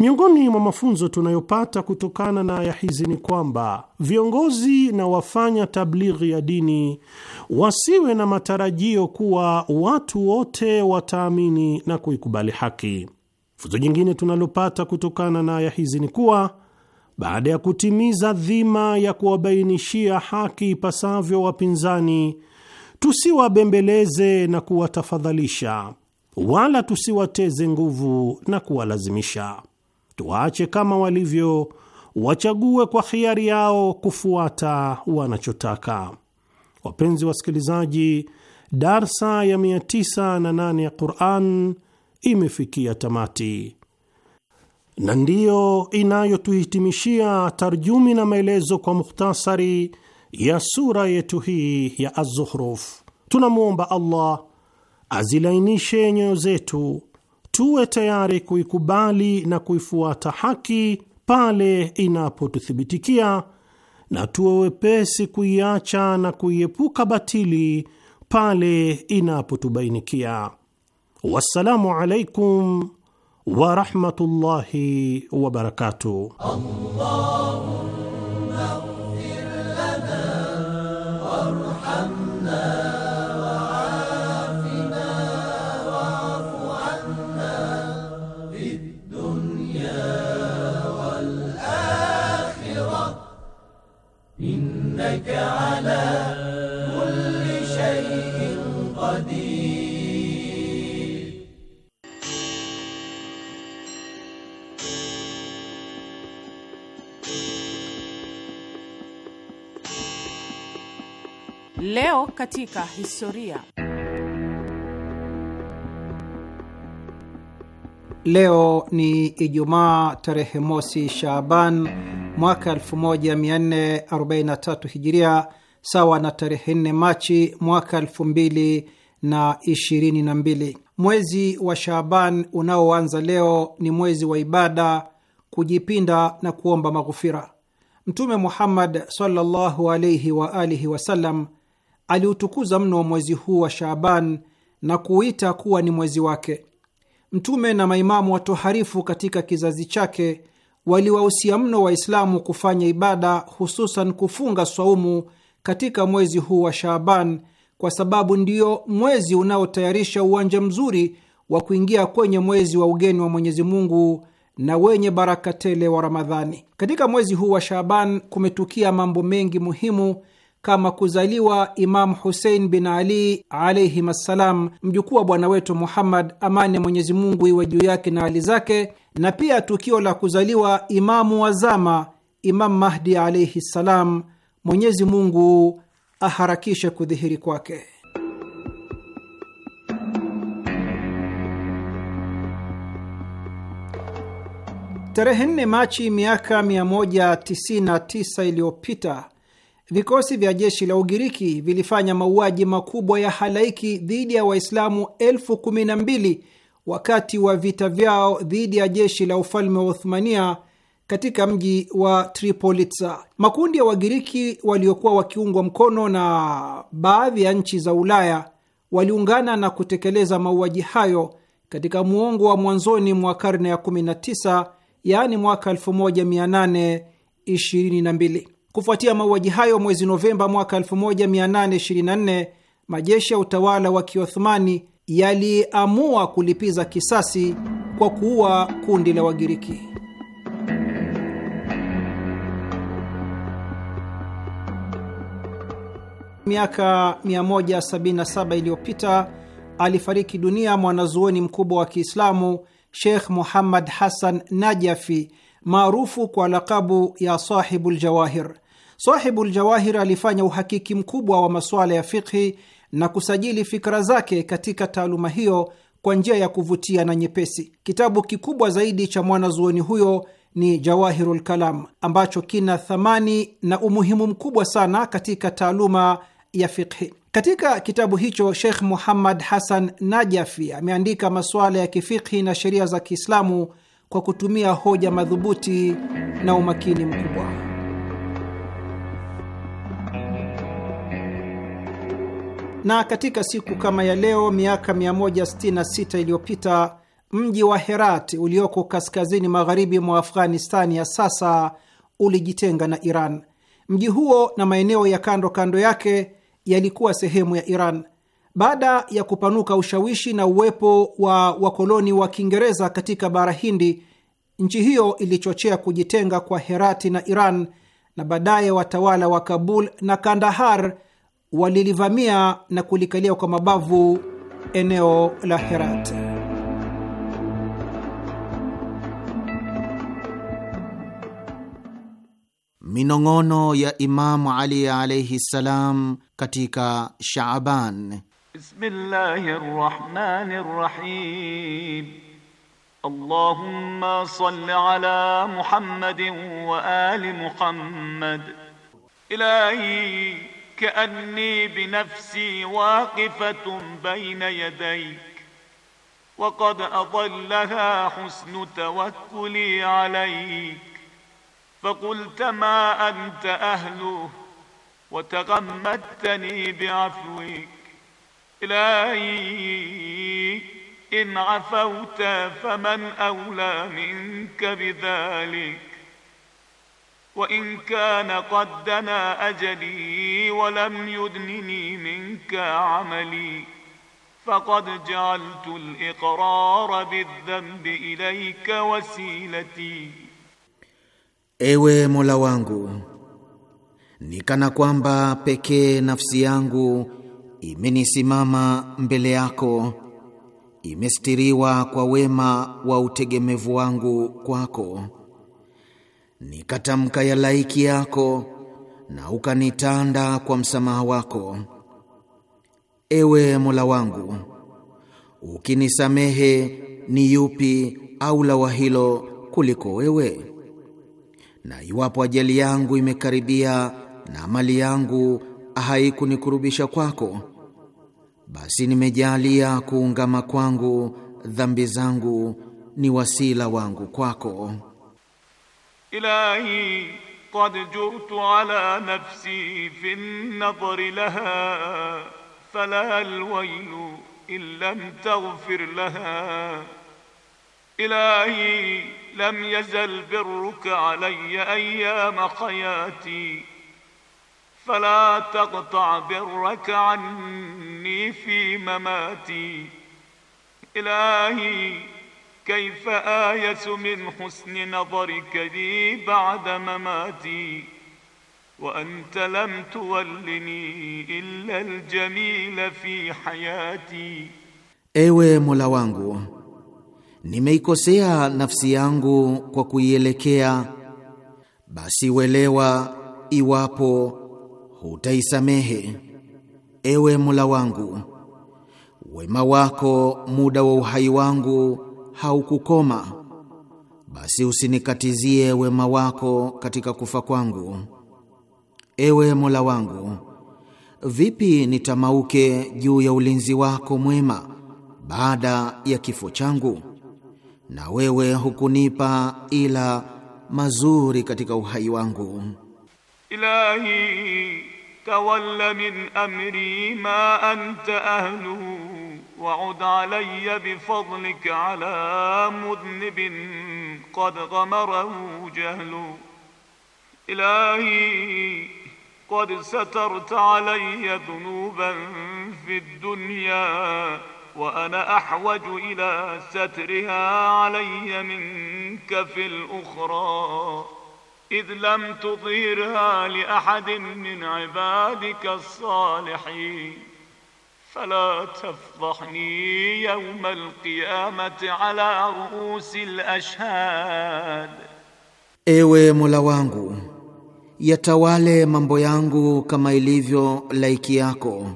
Miongoni mwa mafunzo tunayopata kutokana na aya hizi ni kwamba viongozi na wafanya tablighi ya dini wasiwe na matarajio kuwa watu wote wataamini na kuikubali haki. Funzo jingine tunalopata kutokana na aya hizi ni kuwa baada ya kutimiza dhima ya kuwabainishia haki ipasavyo wapinzani, tusiwabembeleze na kuwatafadhalisha, wala tusiwateze nguvu na kuwalazimisha tuache kama walivyo, wachague kwa hiari yao kufuata wanachotaka. Wapenzi wasikilizaji, darsa ya 98 ya Quran imefikia tamati na ndiyo inayotuhitimishia tarjumi na maelezo kwa mukhtasari ya sura yetu hii ya Az-Zukhruf. Tunamwomba Allah azilainishe nyoyo zetu tuwe tayari kuikubali na kuifuata haki pale inapotuthibitikia na tuwe wepesi kuiacha na kuiepuka batili pale inapotubainikia. Wassalamu alaikum warahmatullahi wabarakatuh. Leo katika historia. Leo ni Ijumaa tarehe mosi Shaaban mwaka 1443 Hijiria, sawa na tarehe 4 Machi mwaka 2022. Mwezi wa Shaaban unaoanza leo ni mwezi wa ibada, kujipinda na kuomba maghufira. Mtume Muhammad sallallahu alaihi wa alihi wasallam aliutukuza mno mwezi huu wa Shaaban na kuuita kuwa ni mwezi wake. Mtume na maimamu watoharifu katika kizazi chake waliwahusia mno Waislamu kufanya ibada, hususan kufunga swaumu katika mwezi huu wa Shaaban kwa sababu ndio mwezi unaotayarisha uwanja mzuri wa kuingia kwenye mwezi wa ugeni wa Mwenyezi Mungu na wenye baraka tele wa Ramadhani. Katika mwezi huu wa Shaaban kumetukia mambo mengi muhimu kama kuzaliwa Imamu Husein bin Ali alaihim assalam, mjukuu wa bwana wetu Muhammad, amani ya Mwenyezi Mungu iwe juu yake na hali zake, na pia tukio la kuzaliwa Imamu wazama Imamu Mahdi alaihi ssalam, Mwenyezi Mungu aharakishe kudhihiri kwake. Tarehe 4 Machi miaka 199 iliyopita Vikosi vya jeshi la Ugiriki vilifanya mauaji makubwa ya halaiki dhidi ya Waislamu elfu kumi na mbili wakati wa vita vyao dhidi ya jeshi la ufalme wa Uthmania katika mji wa Tripolitsa. Makundi ya Wagiriki waliokuwa wakiungwa mkono na baadhi ya nchi za Ulaya waliungana na kutekeleza mauaji hayo katika muongo wa mwanzoni mwa karne ya 19, yaani mwaka 1822. Kufuatia mauaji hayo mwezi Novemba mwaka 1824 majeshi ya utawala wa Kiothmani yaliamua kulipiza kisasi kwa kuua kundi la Wagiriki. Miaka 177 iliyopita alifariki dunia mwanazuoni mkubwa wa Kiislamu Sheikh Muhammad Hassan Najafi maarufu kwa lakabu ya Sahibul Jawahir. Sahibu Ljawahir alifanya uhakiki mkubwa wa masuala ya fikhi na kusajili fikra zake katika taaluma hiyo kwa njia ya kuvutia na nyepesi. Kitabu kikubwa zaidi cha mwanazuoni huyo ni Jawahiru Lkalam, ambacho kina thamani na umuhimu mkubwa sana katika taaluma ya fikhi. Katika kitabu hicho Sheikh Muhammad Hassan Najafi ameandika masuala ya kifikhi na sheria za Kiislamu kwa kutumia hoja madhubuti na umakini mkubwa. Na katika siku kama ya leo miaka 166 iliyopita mji wa Herat ulioko kaskazini magharibi mwa Afghanistani ya sasa ulijitenga na Iran. Mji huo na maeneo ya kando kando yake yalikuwa sehemu ya Iran. Baada ya kupanuka ushawishi na uwepo wa wakoloni wa Kiingereza katika bara Hindi, nchi hiyo ilichochea kujitenga kwa Herati na Iran, na baadaye watawala wa Kabul na Kandahar walilivamia na kulikalia kwa mabavu eneo la Herat. Minong'ono ya Imamu Ali alaihi salam katika Shaaban. Bismillahi rahmani rahim. Allahumma salli ala Muhammadin wa ali Muhammad. Ilahi كأني بنفسي واقفة بين يديك وقد أضلها حسن توكلي عليك فقلت ما أنت أهله وتغمدتني بعفوك إلهي إن عفوت فمن أولى منك بذلك وإن كان قد دنا أجلي ولم يدنني منك عملي فقد جعلت الإقرار بالذنب إليك وسيلتي Ewe Mola wangu, nikana kwamba pekee nafsi yangu imenisimama mbele yako, imestiriwa kwa wema wa utegemevu wangu kwako nikatamka ya laiki yako na ukanitanda kwa msamaha wako. Ewe Mola wangu, ukinisamehe ni yupi au la hilo kuliko wewe? Na iwapo ajali yangu imekaribia na mali yangu haikunikurubisha kwako, basi nimejalia kuungama kwangu dhambi zangu ni wasila wangu kwako. إلهي قد جرت على نفسي في النظر لها فلا الويل إن لم تغفر لها إلهي لم يزل برك علي أيام حياتي فلا تقطع برك عني في مماتي إلهي kaifa ayasu min husni nadharika li ba'da mamati wa anta lam tuwallini illa aljamila fi hayati, ewe Mola wangu, nimeikosea nafsi yangu kwa kuielekea, basi welewa iwapo hutaisamehe. Ewe Mola wangu, wema wako muda wa uhai wangu haukukoma, basi usinikatizie wema wako katika kufa kwangu. Ewe Mola wangu, vipi nitamauke juu ya ulinzi wako mwema baada ya kifo changu, na wewe hukunipa ila mazuri katika uhai wangu. Ilahi tawalla min amri ma anta ahluhu وعد علي بفضلك على مذنب قد غمره جهل إلهي قد سترت علي ذنوبا في الدنيا وأنا أحوج إلى سترها علي منك في الأخرى إذ لم تظهرها لأحد من عبادك الصالحين فلا تفضحني يوم القيامة على رؤوس الأشهاد Ewe Mola wangu, yatawale mambo yangu kama ilivyo laiki yako,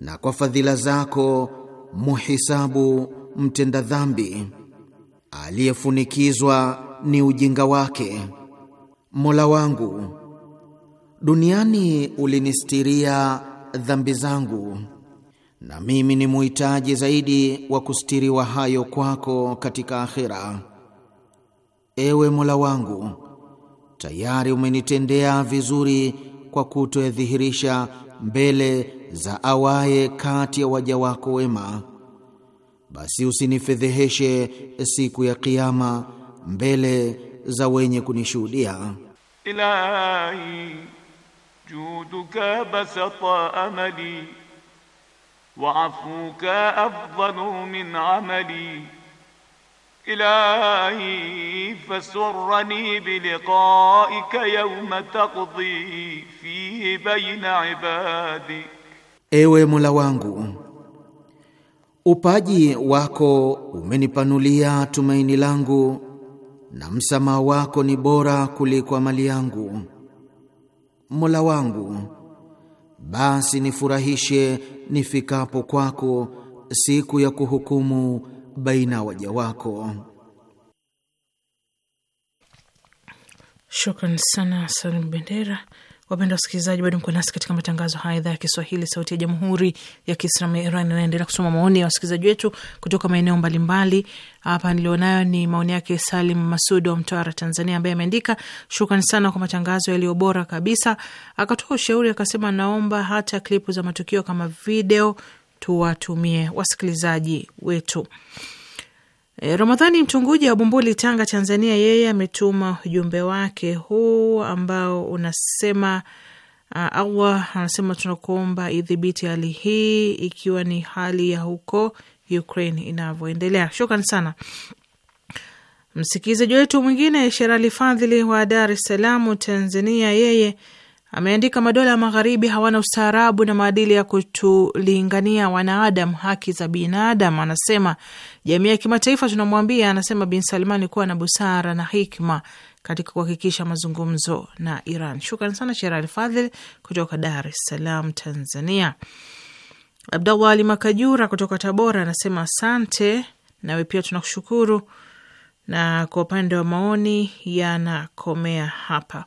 na kwa fadhila zako muhisabu mtenda dhambi aliyefunikizwa ni ujinga wake. Mola wangu, duniani ulinistiria dhambi zangu na mimi ni muhitaji zaidi wa kustiriwa hayo kwako katika akhira. Ewe Mola wangu, tayari umenitendea vizuri kwa kutoyadhihirisha mbele za awaye kati ya waja wako wema, basi usinifedheheshe siku ya Kiyama mbele za wenye kunishuhudia. Ilahi juduka basata amali وعفوك afuka من عملي amali فسرني بلقائك يوم تقضي فيه بين baina ibadi, Ewe Mola wangu, upaji wako umenipanulia tumaini langu na msamaha wako ni bora kuliko mali yangu. Mola wangu, basi nifurahishe nifikapo kwako siku ya kuhukumu baina waja wako. Shukran sana Salim Bendera. Wapenda wasikilizaji, bado mko nasi katika matangazo haya, idhaa ya Kiswahili, sauti ya jamhuri ya kiislamu ya Iran. Inaendelea kusoma maoni ya wasikilizaji wetu kutoka maeneo mbalimbali. Hapa nilionayo ni maoni yake Salim Masud wa Mtwara, Tanzania, ambaye ameandika shukrani sana kwa matangazo yaliyo bora kabisa. Akatoa ushauri akasema, naomba hata klipu za matukio kama video tuwatumie wasikilizaji wetu. E, Ramadhani Mtunguji wa Bumbuli, Tanga, Tanzania, yeye ametuma ujumbe wake huu ambao unasema uh, Allah anasema tunakuomba idhibiti hali hii ikiwa ni hali ya huko Ukraine inavyoendelea. Shukran sana msikilizaji wetu mwingine Sherali Fadhili wa Dar es Salaam, Tanzania, yeye Ameandika, madola ya magharibi hawana ustaarabu na maadili ya kutulingania wanaadamu haki za binadamu. Anasema jamii ya kimataifa tunamwambia, anasema bin Salmani kuwa na busara na hikma katika kuhakikisha mazungumzo na Iran. Shukran sana Sherali Fadhil kutoka Dar es Salaam, Tanzania. Abdallah Ali Makajura kutoka Tabora anasema asante. Nawe pia tunakushukuru, na kwa upande wa maoni yanakomea hapa.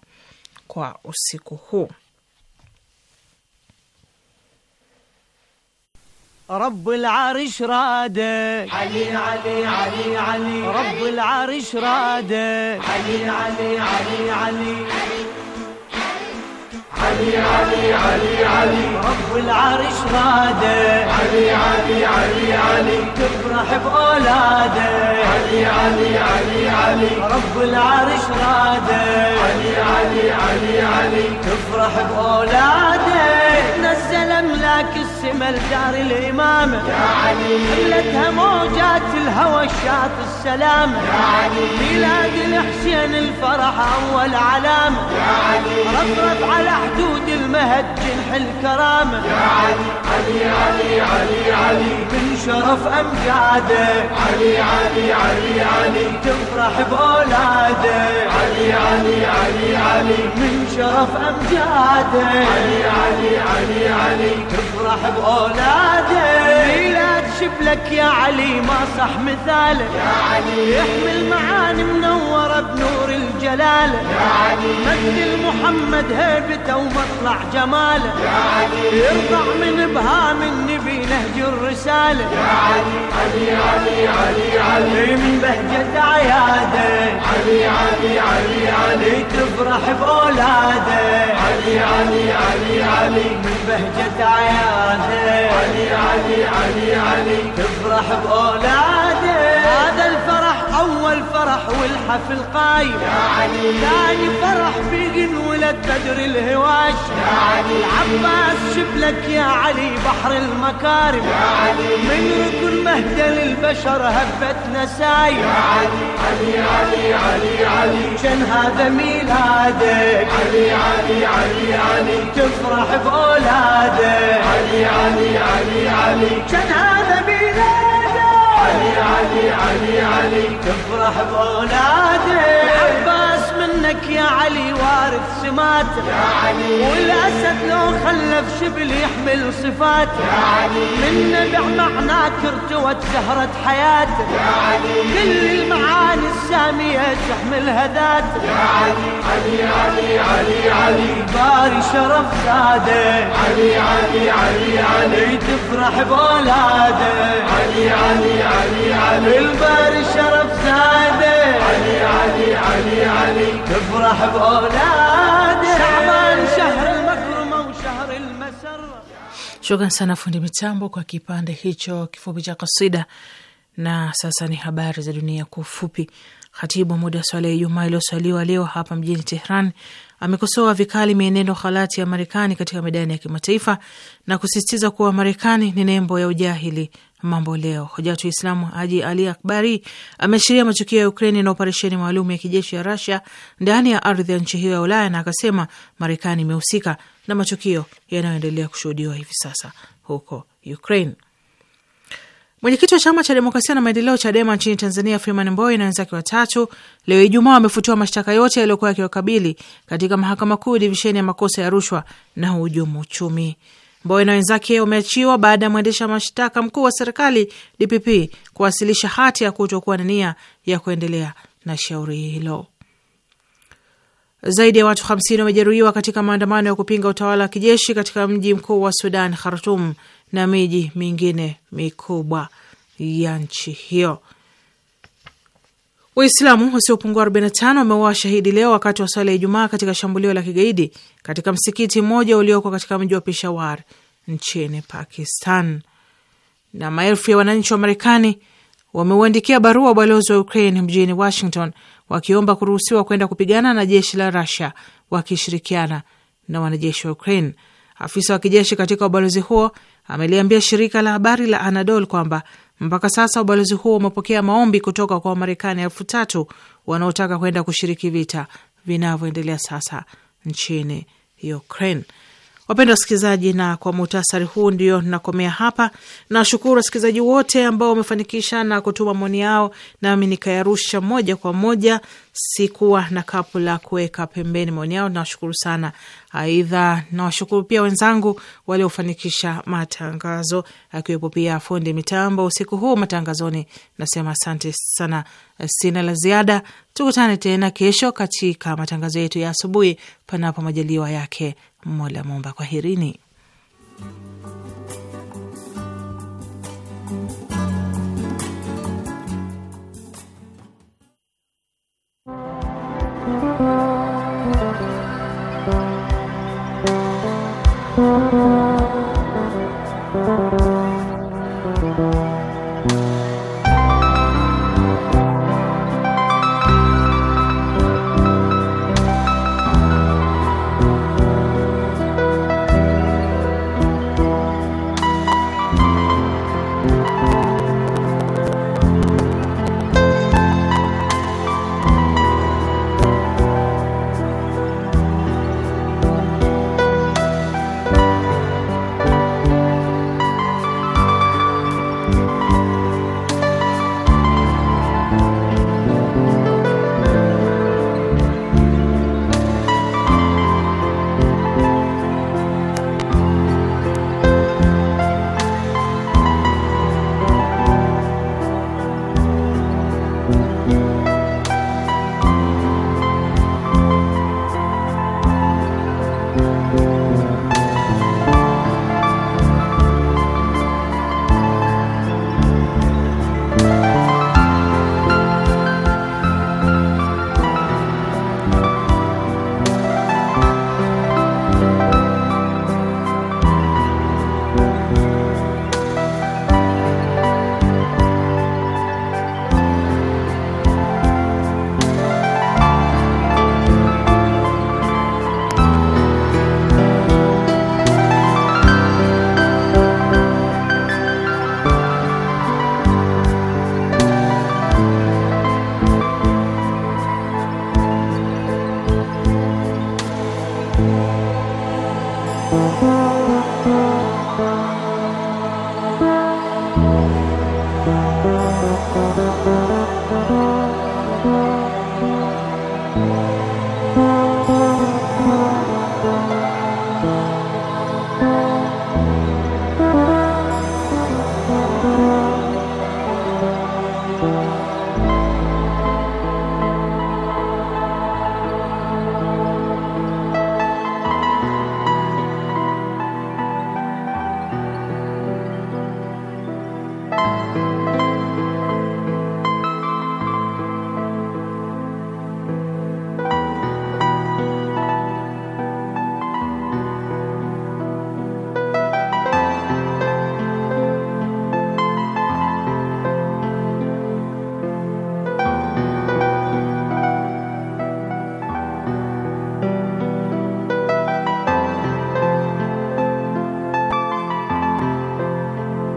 kwa usiku huu. رب العرش رادك علي علي علي علي رب العرش رادك علي علي علي علي علي علي علي علي رب العرش رادك علي علي علي علي تفرح بأولادك علي علي علي علي رب العرش راده علي علي علي علي تفرح بأولاده نزل املاك السما لدار الامامه يا علي خلتها موجات الهوى الشاط السلامه يا علي ميلاد الحسين الفرح اول علامه يا علي رفرف على حدود المهد جنح الكرامه يا علي علي علي علي علي من شرف امجاده علي علي علي علي تفرح بأولاده أولاده علي علي علي علي من شرف أمجاده علي علي علي علي صاحب أولاده ميلاد شبلك يا علي ما صح مثاله يا علي يحمل معاني منورة بنور الجلالة يا علي مثل محمد هيبته ومطلع جماله يا علي يرفع من إبهام النبي نهج الرسالة يا علي علي علي علي علي من بهجة عياده علي علي علي علي تفرح بأولاده علي علي علي علي من بهجة عياده علي علي علي علي تفرح علي الفرح والحفل قايم يا علي ثاني فرح بيد انولد بدر الهواش يا علي العباس شبلك يا علي بحر المكارم يا علي من ركن مهدى للبشر هبت نساي يا علي علي علي علي علي شن هذا ميلادك علي علي علي علي تفرح بأولادك علي علي علي علي شن هذا ميلادك علي علي علي علي تفرح بولادي عباس منك يا علي وارث سماته يا علي والأسد لو خلف شبل يحمل صفاته يا علي من نبع معناك ارتوت زهرة حياته يا علي كل المعاني السامية تحمل هداته يا علي علي باري شرف زاده علي علي علي علي تفرح بولاده علي علي علي علي الباري شرف زاده علي علي علي علي تفرح بولاده شعبان شهر المكرمه وشهر المسره شكرا sana fundi mitambo kwa kipande hicho kifupi cha kasida. Na sasa ni habari za dunia kwa ufupi. Khatibu wa muda wa swala ya Ijumaa iliyoswaliwa leo hapa mjini Tehran amekosoa vikali mienendo halati ya Marekani katika medani ya kimataifa na kusisitiza kuwa Marekani ni nembo ya ujahili mambo leo. Hujatu Islamu Haji Ali Akbari ameashiria matukio ya Ukraini na operesheni maalum ya kijeshi ya Rasia ndani ya ardhi ya nchi hiyo ya Ulaya na akasema Marekani imehusika na matukio yanayoendelea kushuhudiwa hivi sasa huko Ukraine. Mwenyekiti wa chama cha demokrasia na maendeleo CHADEMA nchini Tanzania, Freeman Mbowe na wenzake watatu leo Ijumaa wamefutiwa mashtaka yote yaliyokuwa yakiwakabili katika mahakama kuu divisheni ya makosa ya rushwa na hujumu uchumi. Mbowe na wenzake wameachiwa baada ya mwendesha mashtaka mkuu wa serikali DPP kuwasilisha hati ya kutokuwa na nia ya kuendelea na shauri hilo. Zaidi ya watu 50 wamejeruhiwa katika maandamano ya kupinga utawala wa kijeshi katika mji mkuu wa Sudan, Khartum, na miji mingine mikubwa ya nchi hiyo. Waislamu wasiopungua 45 wameuawa shahidi leo wakati wa swala ya Ijumaa katika shambulio la kigaidi katika msikiti mmoja ulioko katika mji wa Peshawar nchini Pakistan. Na maelfu ya wananchi wa Marekani wameuandikia barua ubalozi wa Ukraine mjini Washington wakiomba kuruhusiwa kwenda kupigana na jeshi la Rusia wakishirikiana na wanajeshi wa Ukraine. Afisa wa kijeshi katika ubalozi huo ameliambia shirika la habari la Anadolu kwamba mpaka sasa ubalozi huo umepokea maombi kutoka kwa Wamarekani elfu tatu wanaotaka kwenda kushiriki vita vinavyoendelea sasa nchini Ukraine. Wapenda wasikilizaji, na kwa muhtasari huu ndio nakomea hapa. Nashukuru wasikilizaji wote ambao wamefanikisha na kutuma maoni yao, nami nikayarusha moja kwa moja, sikuwa na kapu la kuweka pembeni maoni yao. Nawashukuru sana. Aidha, nawashukuru pia wenzangu waliofanikisha matangazo, akiwepo pia fundi mitambo usiku huu matangazoni. Nasema asante sana, sina la ziada. Tukutane tena kesho katika matangazo yetu ya asubuhi, panapo majaliwa yake Mola Momba, kwaherini.